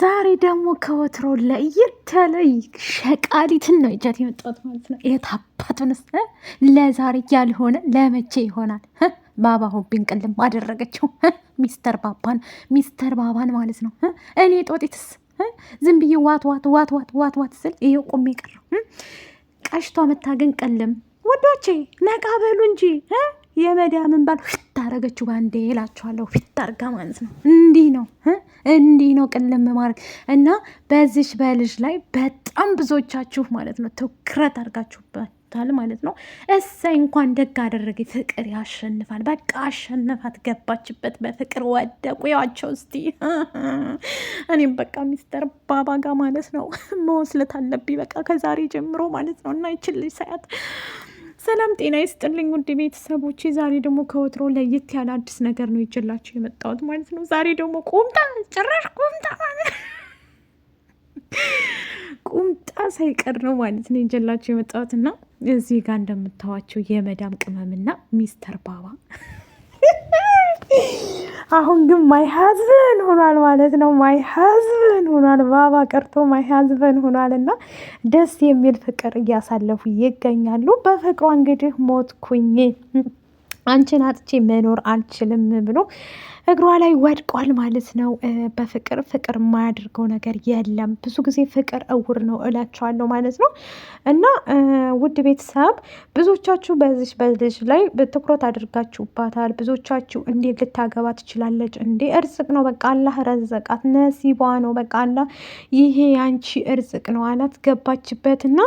ዛሬ ደግሞ ከወትሮ ለየት ያለ ሸቃሊትን ነው ይጃት የመጣሁት ማለት ነው። የታባቱንስ ለዛሬ ያልሆነ ለመቼ ይሆናል? ባባሁ ቅልም አደረገችው ሚስተር ባባን ሚስተር ባባን ማለት ነው። እኔ ጦጢትስ ዝም ብዬ ዋት ዋት ዋት ዋት ዋት ዋት ስል ይሄው ቁሜ ቀረሁ። ቀሽቷ መታገን ቀልም ወዶቼ ነቃ በሉ እንጂ የመዳምን ባል ፊት ባንዴ እላችኋለሁ። ፊት አርጋ ማለት ነው። እንዲህ ነው እንዲህ ነው ቅልም ማድረግ እና በዚሽ በልጅ ላይ በጣም ብዙዎቻችሁ ማለት ነው ትኩረት አርጋችሁበት ማለት ነው። እሰይ እንኳን ደግ አደረገ። ፍቅር ያሸንፋል። በቃ አሸንፋት፣ ገባችበት። በፍቅር ወደቁ። ያቸው እስቲ እኔም በቃ ሚስተር ባባ ጋር ማለት ነው መወስለት አለብኝ በቃ ከዛሬ ጀምሮ ማለት ነው እና ይችልሽ ሳያት ሰላም ጤና ይስጥልኝ ውድ ቤተሰቦች ዛሬ ደግሞ ከወትሮ ለየት ያለ አዲስ ነገር ነው ይዤላችሁ የመጣሁት ማለት ነው። ዛሬ ደግሞ ቁምጣ ጭራሽ ቁምጣ ማለት ቁምጣ ሳይቀር ነው ማለት ነው ይዤላችሁ የመጣሁት እና እዚህ ጋር እንደምታዋቸው የመዳም ቅመምና ሚስተር ባባ አሁን ግን ማይ ሀዝበን ሆኗል ማለት ነው። ማይ ሀዝበን ሆኗል ባባ ቀርቶ ማይ ሀዝበን ሆኗል እና ደስ የሚል ፍቅር እያሳለፉ ይገኛሉ። በፍቅሯ እንግዲህ ሞትኩኝ አንቺን አጥቼ መኖር አልችልም ብሎ እግሯ ላይ ወድቋል ማለት ነው። በፍቅር ፍቅር የማያደርገው ነገር የለም። ብዙ ጊዜ ፍቅር እውር ነው እላቸዋለሁ ማለት ነው። እና ውድ ቤተሰብ ብዙዎቻችሁ በዚች በልጅ ላይ ትኩረት አድርጋችሁባታል። ብዙዎቻችሁ እንዴት ልታገባ ትችላለች እንዴ? እርዝቅ ነው በቃ አላህ ረዘቃት፣ ነሲቧ ነው በቃ አላህ ይሄ ያንቺ እርዝቅ ነው አላት። ገባችበት እና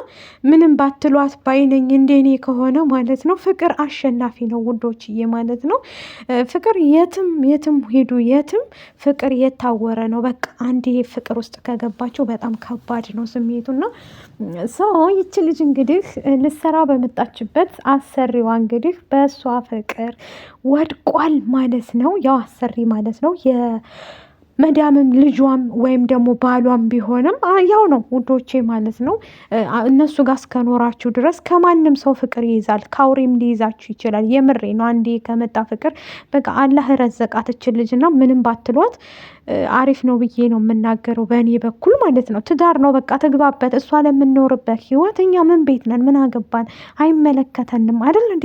ምንም ባትሏት ባይነኝ እንደኔ ከሆነ ማለት ነው። ፍቅር አሸናፊ ነው ውዶችዬ ማለት ነው። ፍቅር የትም የት የትም ሄዱ የትም ፍቅር የታወረ ነው። በቃ አንድ ይሄ ፍቅር ውስጥ ከገባቸው በጣም ከባድ ነው ስሜቱና ሰው ይቺ ልጅ እንግዲህ ልሰራ በመጣችበት አሰሪዋ እንግዲህ በእሷ ፍቅር ወድቋል ማለት ነው። ያው አሰሪ ማለት ነው። መዳምም ልጇም ወይም ደግሞ ባሏም ቢሆንም ያው ነው ውዶቼ ማለት ነው። እነሱ ጋር እስከኖራችሁ ድረስ ከማንም ሰው ፍቅር ይይዛል፣ ከአውሬም ሊይዛችሁ ይችላል። የምሬ ነው። አንዴ ከመጣ ፍቅር በቃ አላህ ረዘቃትችን ልጅና ምንም ባትሏት አሪፍ ነው ብዬ ነው የምናገረው፣ በእኔ በኩል ማለት ነው። ትዳር ነው በቃ ተግባበት። እሷ ለምንኖርበት ህይወት እኛ ምን ቤት ነን? ምን አገባን? አይመለከተንም አይደል እንዲ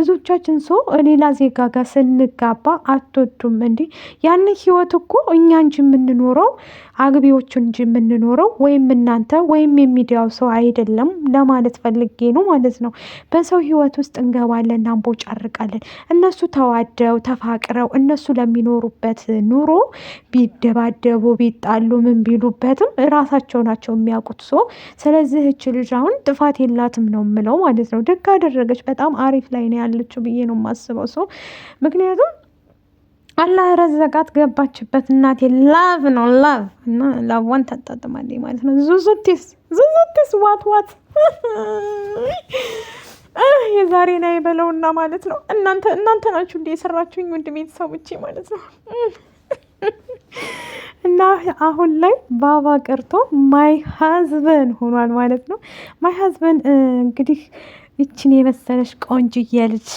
ብዙዎቻችን ሰው ሌላ ዜጋ ጋር ስንጋባ አትወዱም እንዲ ያንን ህይወት እኮ እኛ እንጂ የምንኖረው አግቢዎቹ እንጂ የምንኖረው ወይም እናንተ ወይም የሚዲያው ሰው አይደለም ለማለት ፈልጌ ነው ማለት ነው። በሰው ህይወት ውስጥ እንገባለን፣ እናንቦጫርቃለን። እነሱ ተዋደው ተፋቅረው እነሱ ለሚኖሩበት ኑሮ ቢደባደቡ ቢጣሉ ምን ቢሉበትም ራሳቸው ናቸው የሚያውቁት ሰው። ስለዚህ እች ልጅ አሁን ጥፋት የላትም ነው የምለው ማለት ነው። ደግ አደረገች። በጣም አሪፍ ላይ ነው ያለችው ብዬ ነው የማስበው ሰው ምክንያቱም አላህ ረዘቃት ገባችበት። እናቴ ላቭ ነው ላቭ እና ላቧን ታጣጥማለች ማለት ነው። ዙዙቲስ ዙዙቲስ ዋት ዋት የዛሬ ላይ በለውና ማለት ነው። እናንተ እናንተ ናችሁ እንዲ የሰራችሁኝ ወንድ ቤተሰቦቼ ማለት ነው። እና አሁን ላይ ባባ ቀርቶ ማይ ሀዝበን ሆኗል ማለት ነው። ማይ ሀዝበን እንግዲህ ይችን የመሰለች ቆንጅዬ ልጅ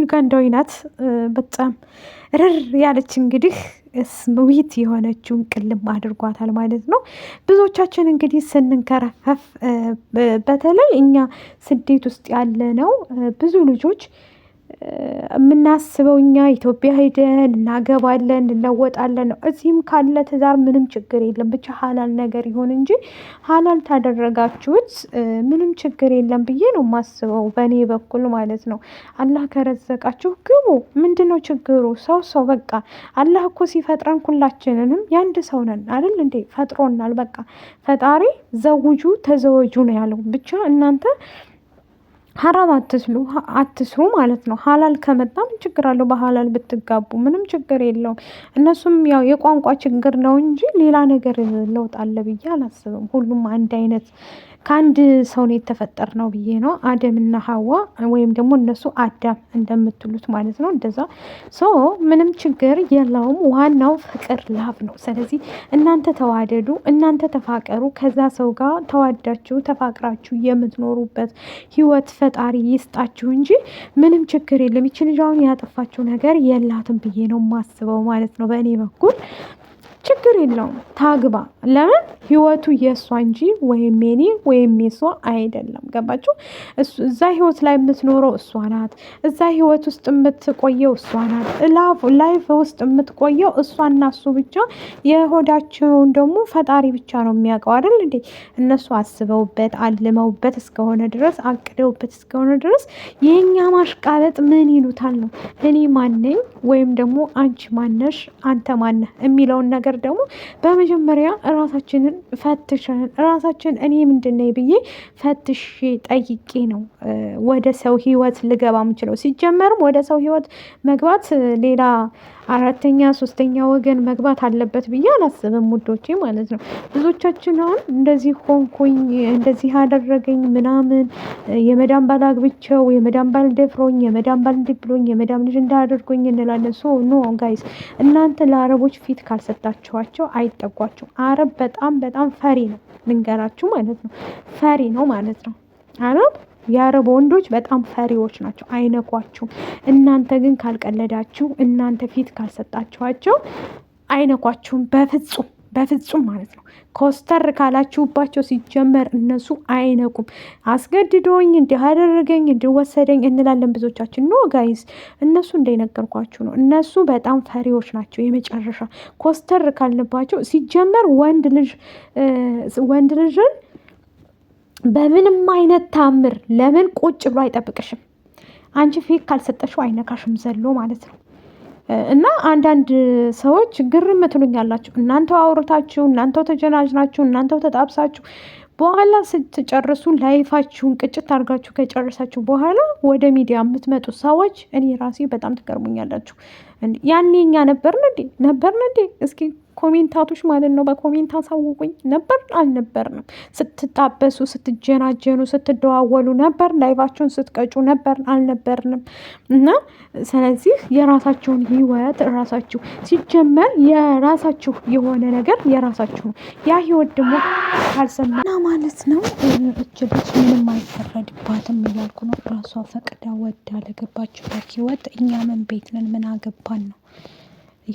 ዩጋንዳዊ ናት። በጣም ርር ያለች እንግዲህ ስዊት የሆነችውን ቅልም አድርጓታል ማለት ነው። ብዙዎቻችን እንግዲህ ስንንከረፈፍ በተለይ እኛ ስደት ውስጥ ያለ ነው ብዙ ልጆች የምናስበው እኛ ኢትዮጵያ ሄደን እናገባለን እንለወጣለን ነው። እዚህም ካለ ትዳር ምንም ችግር የለም፣ ብቻ ሀላል ነገር ይሁን እንጂ ሀላል ታደረጋችሁት ምንም ችግር የለም ብዬ ነው የማስበው፣ በእኔ በኩል ማለት ነው። አላህ ከረዘቃችሁ ግቡ። ምንድን ነው ችግሩ? ሰው ሰው በቃ አላህ እኮ ሲፈጥረን ሁላችንንም የአንድ ሰው ነን አይደል እንዴ? ፈጥሮናል። በቃ ፈጣሪ ዘውጁ ተዘወጁ ነው ያለው። ብቻ እናንተ ሀራም አትስሉ አትስሩ ማለት ነው። ሀላል ከመጣ ምን ችግር አለው? በሀላል ብትጋቡ ምንም ችግር የለውም። እነሱም ያው የቋንቋ ችግር ነው እንጂ ሌላ ነገር ለውጥ አለ ብዬ አላስብም። ሁሉም አንድ አይነት ከአንድ ሰው ነው የተፈጠር ነው ብዬ ነው አደምና ሀዋ ወይም ደግሞ እነሱ አዳም እንደምትሉት ማለት ነው። እንደዛ ሶ ምንም ችግር የለውም። ዋናው ፍቅር ላብ ነው። ስለዚህ እናንተ ተዋደዱ፣ እናንተ ተፋቀሩ። ከዛ ሰው ጋር ተዋዳችሁ ተፋቅራችሁ የምትኖሩበት ህይወት ፈጣሪ ይስጣችሁ እንጂ ምንም ችግር የለም። ይችን ልጅ አሁን ያጠፋችው ነገር የላትም ብዬ ነው ማስበው ማለት ነው በእኔ በኩል ችግር የለውም ታግባ። ለምን ህይወቱ የእሷ እንጂ ወይም የኔ ወይም የሷ አይደለም። ገባችሁ? እዛ ህይወት ላይ የምትኖረው እሷ ናት። እዛ ህይወት ውስጥ የምትቆየው እሷ ናት። ላይፍ ውስጥ የምትቆየው እና እሱ ብቻ። የሆዳቸውን ደግሞ ፈጣሪ ብቻ ነው የሚያውቀው አይደል እንዴ? እነሱ አስበውበት አልመውበት እስከሆነ ድረስ አቅደውበት እስከሆነ ድረስ የእኛ ማሽቃለጥ ምን ይሉታል ነው እኔ ማነኝ ወይም ደግሞ አንቺ ማነሽ አንተ ማነህ የሚለውን ነገር ነገር ደግሞ በመጀመሪያ ራሳችንን ፈትሸን ራሳችን እኔ ምንድን ነኝ ብዬ ፈትሼ ጠይቄ ነው ወደ ሰው ህይወት ልገባ የምችለው። ሲጀመርም ወደ ሰው ህይወት መግባት ሌላ አራተኛ ሶስተኛ ወገን መግባት አለበት ብዬ አላስብም ውዶቼ ማለት ነው። ብዙዎቻችን አሁን እንደዚህ ሆንኩኝ እንደዚህ አደረገኝ ምናምን የመዳም ባል አግብቼው የመዳም ባል ደፍሮኝ የመዳም ባል እንዲህ ብሎኝ የመዳም ልጅ እንዳደርጎኝ እንላለን። ሶ ኖ ጋይስ እናንተ ለአረቦች ፊት ካልሰጣችኋቸው አይጠጓችሁ። አረብ በጣም በጣም ፈሪ ነው ልንገራችሁ ማለት ነው። ፈሪ ነው ማለት ነው አረብ የአረብ ወንዶች በጣም ፈሪዎች ናቸው፣ አይነኳችሁም። እናንተ ግን ካልቀለዳችሁ፣ እናንተ ፊት ካልሰጣችኋቸው አይነኳችሁም በፍጹም በፍጹም ማለት ነው። ኮስተር ካላችሁባቸው ሲጀመር እነሱ አይነቁም። አስገድዶኝ እንዲያደረገኝ እንዲወሰደኝ እንላለን ብዙቻችን። ኖ ጋይስ፣ እነሱ እንደነገርኳችሁ ነው። እነሱ በጣም ፈሪዎች ናቸው። የመጨረሻ ኮስተር ካልንባቸው ሲጀመር ወንድ ልጅ ወንድ ልጅን በምንም አይነት ታምር ለምን ቁጭ ብሎ አይጠብቅሽም? አንቺ ፌክ ካልሰጠሽው አይነካሽም ዘሎ ማለት ነው። እና አንዳንድ ሰዎች ግርም ትሉኛላችሁ። እናንተው አውርታችሁ፣ እናንተው ተጀናጅናችሁ፣ እናንተው ተጣብሳችሁ በኋላ ስትጨርሱ ላይፋችሁን ቅጭት አድርጋችሁ ከጨረሳችሁ በኋላ ወደ ሚዲያ የምትመጡ ሰዎች እኔ ራሴ በጣም ትገርሙኛላችሁ። ያኔ እኛ ነበርን እንዴ ነበርን እንዴ? እስኪ በኮሜንታቶች ማለት ነው። በኮሜንት አሳውቁኝ። ነበር አልነበርንም? ስትጣበሱ፣ ስትጀናጀኑ፣ ስትደዋወሉ ነበር? ላይቫቸውን ስትቀጩ ነበር አልነበርንም? እና ስለዚህ የራሳቸውን ህይወት ራሳችሁ ሲጀመር የራሳችሁ የሆነ ነገር የራሳችሁ ነው። ያ ህይወት ደግሞ ካልሰማ ማለት ነው እች ልጅ ምንም አይፈረድባትም እያልኩ ነው። ራሷ ፈቅዳ ወዳ ለገባችበት ህይወት እኛ ምን ቤት ነን? ምን አገባን ነው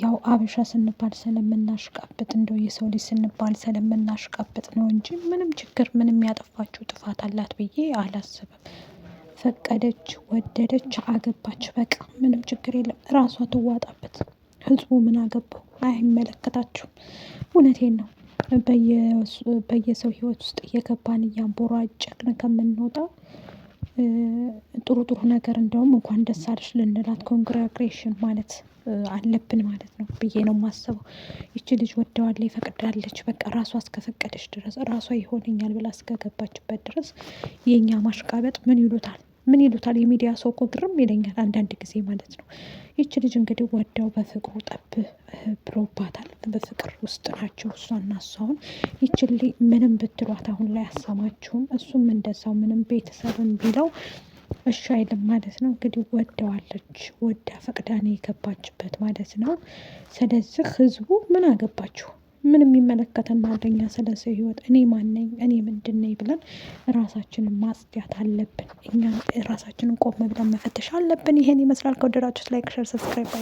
ያው አበሻ ስንባል ስለምናሽቃብጥ እንደው የሰው ልጅ ስንባል ስለምናሽቃብጥ ነው እንጂ ምንም ችግር ምንም ያጠፋችው ጥፋት አላት ብዬ አላስብም። ፈቀደች፣ ወደደች፣ አገባች በቃ ምንም ችግር የለም። ራሷ ትዋጣበት። ህዝቡ ምን አገባው? አይመለከታችሁም። እውነቴን ነው። በየሰው ህይወት ውስጥ እየገባን እያንቦራጨቅን ከምንወጣ ጥሩ ጥሩ ነገር እንደውም እንኳን ደስ አለሽ ልንላት ኮንግራግሬሽን ማለት አለብን ማለት ነው ብዬ ነው የማስበው። ይቺ ልጅ ወደዋለች ፈቅዳለች፣ በቃ ራሷ እስከፈቀደች ድረስ ራሷ ይሆነኛል ብላ እስከገባችበት ድረስ የእኛ ማሽቃበጥ ምን ይሉታል ምን ይሉታል የሚዲያ ሰው እኮ ግርም ይለኛል አንዳንድ ጊዜ ማለት ነው። ይች ልጅ እንግዲህ ወደው በፍቅሩ ጠብ ብሎባታል። በፍቅር ውስጥ ናቸው እሷና እሷውን። ይች ልጅ ምንም ብትሏት አሁን ላይ አሰማችሁም። እሱም እንደዛው ምንም ቤተሰብም ቢለው እሺ አይልም ማለት ነው። እንግዲህ ወደዋለች ወዳ ፈቅዳ ነው የገባችበት ማለት ነው። ስለዚህ ህዝቡ ምን አገባችሁ? ምን የሚመለከተን ማደኛ ስለ ሰው ህይወት እኔ ማነኝ እኔ ምንድን ነኝ ብለን ራሳችንን ማጽዳት አለብን። እኛ ራሳችንን ቆም ብለን መፈተሽ አለብን። ይሄን ይመስላል ከወደዳችሁት ላይክ ሸር፣ ሰብስክራይብ